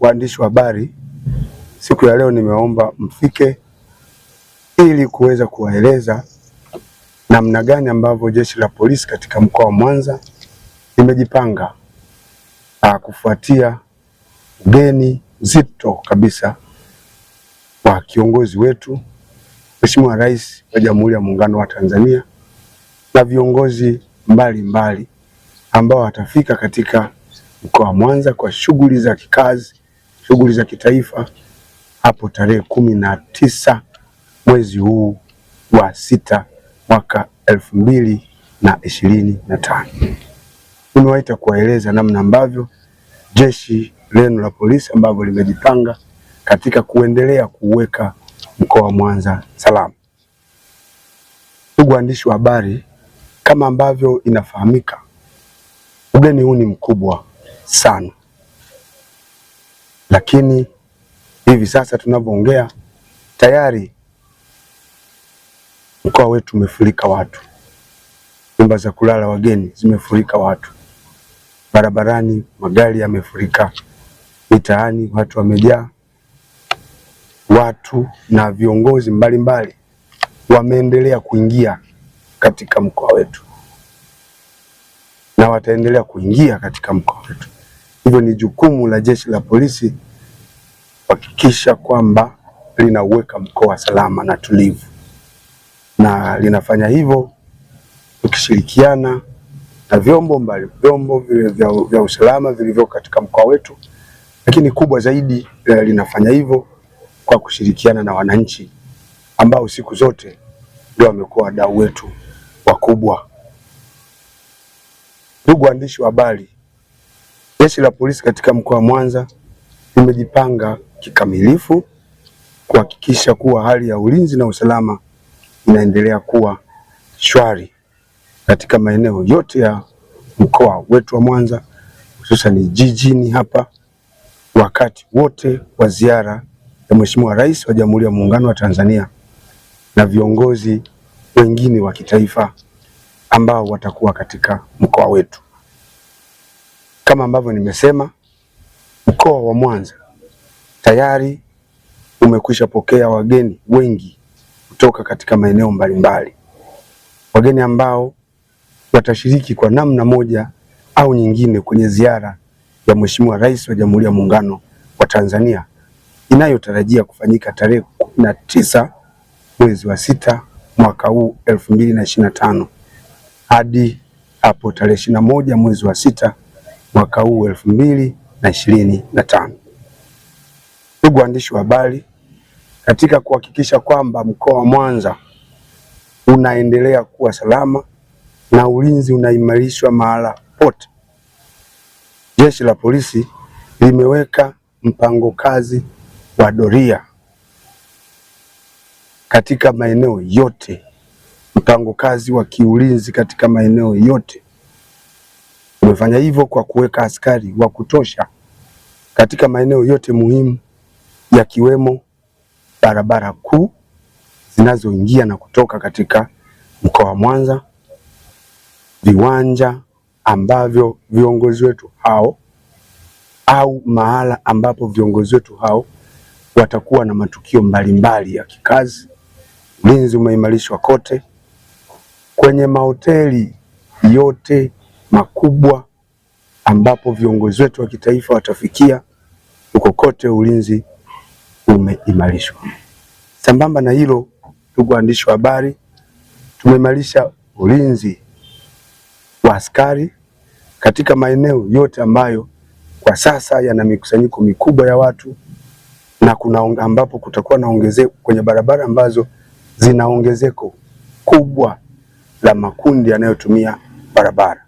waandishi wa habari, siku ya leo nimeomba mfike ili kuweza kuwaeleza namna gani ambavyo jeshi la polisi katika mkoa wa Mwanza limejipanga ah, kufuatia ugeni zito kabisa wa kiongozi wetu Mheshimiwa Rais wa Jamhuri ya Muungano wa Tanzania na viongozi mbalimbali ambao watafika katika mkoa wa Mwanza kwa shughuli za kikazi shughuli za kitaifa hapo tarehe kumi na tisa mwezi huu wa sita mwaka elfu mbili na ishirini na tano. Nimewaita kuwaeleza namna ambavyo jeshi lenu la polisi ambavyo limejipanga katika kuendelea kuweka mkoa wa Mwanza salama. Ndugu waandishi wa habari, kama ambavyo inafahamika, ugeni huu ni mkubwa sana lakini hivi sasa tunavyoongea tayari mkoa wetu umefurika watu, nyumba za kulala wageni zimefurika watu, barabarani magari yamefurika, mitaani watu wamejaa. Watu na viongozi mbalimbali wameendelea kuingia katika mkoa wetu na wataendelea kuingia katika mkoa wetu. Hivyo ni jukumu la jeshi la polisi kuhakikisha kwamba linauweka mkoa salama na tulivu, na linafanya hivyo tukishirikiana na vyombo mbali vyombo vya, vya usalama vilivyo katika mkoa wetu, lakini kubwa zaidi eh, linafanya hivyo kwa kushirikiana na wananchi ambao siku zote ndio wamekuwa wadau wetu wakubwa. Ndugu waandishi wa habari, jeshi la polisi katika mkoa wa Mwanza limejipanga kikamilifu kuhakikisha kuwa hali ya ulinzi na usalama inaendelea kuwa shwari katika maeneo yote ya mkoa wetu wa Mwanza hususani jijini hapa wakati wote wa ziara ya Mheshimiwa Rais wa Jamhuri ya Muungano wa Tanzania na viongozi wengine wa kitaifa ambao watakuwa katika mkoa wetu. Kama ambavyo nimesema, mkoa wa Mwanza tayari umekwisha pokea wageni wengi kutoka katika maeneo mbalimbali, wageni ambao watashiriki kwa namna moja au nyingine kwenye ziara ya Mheshimiwa Rais wa Jamhuri ya Muungano wa Tanzania inayotarajia kufanyika tarehe kumi na tisa mwezi wa sita mwaka huu elfu mbili na ishirini na tano hadi hapo tarehe ishirini na moja mwezi wa sita mwaka huu elfu mbili na ishirini na tano. Ndugu waandishi wa habari, katika kuhakikisha kwamba mkoa wa Mwanza unaendelea kuwa salama na ulinzi unaimarishwa mahala pote, jeshi la polisi limeweka mpango kazi wa doria katika maeneo yote, mpango kazi wa kiulinzi katika maeneo yote. Tumefanya hivyo kwa kuweka askari wa kutosha katika maeneo yote muhimu yakiwemo barabara kuu zinazoingia na kutoka katika mkoa wa Mwanza, viwanja ambavyo viongozi wetu hao au mahala ambapo viongozi wetu hao watakuwa na matukio mbalimbali ya kikazi. Ulinzi umeimarishwa kote kwenye mahoteli yote makubwa ambapo viongozi wetu wa kitaifa watafikia, huko kote ulinzi umeimarishwa. Sambamba na hilo, ndugu waandishi wa habari, tumeimarisha ulinzi wa askari katika maeneo yote ambayo kwa sasa yana mikusanyiko mikubwa ya watu na kuna ambapo kutakuwa na ongezeko kwenye barabara ambazo zina ongezeko kubwa la makundi yanayotumia barabara.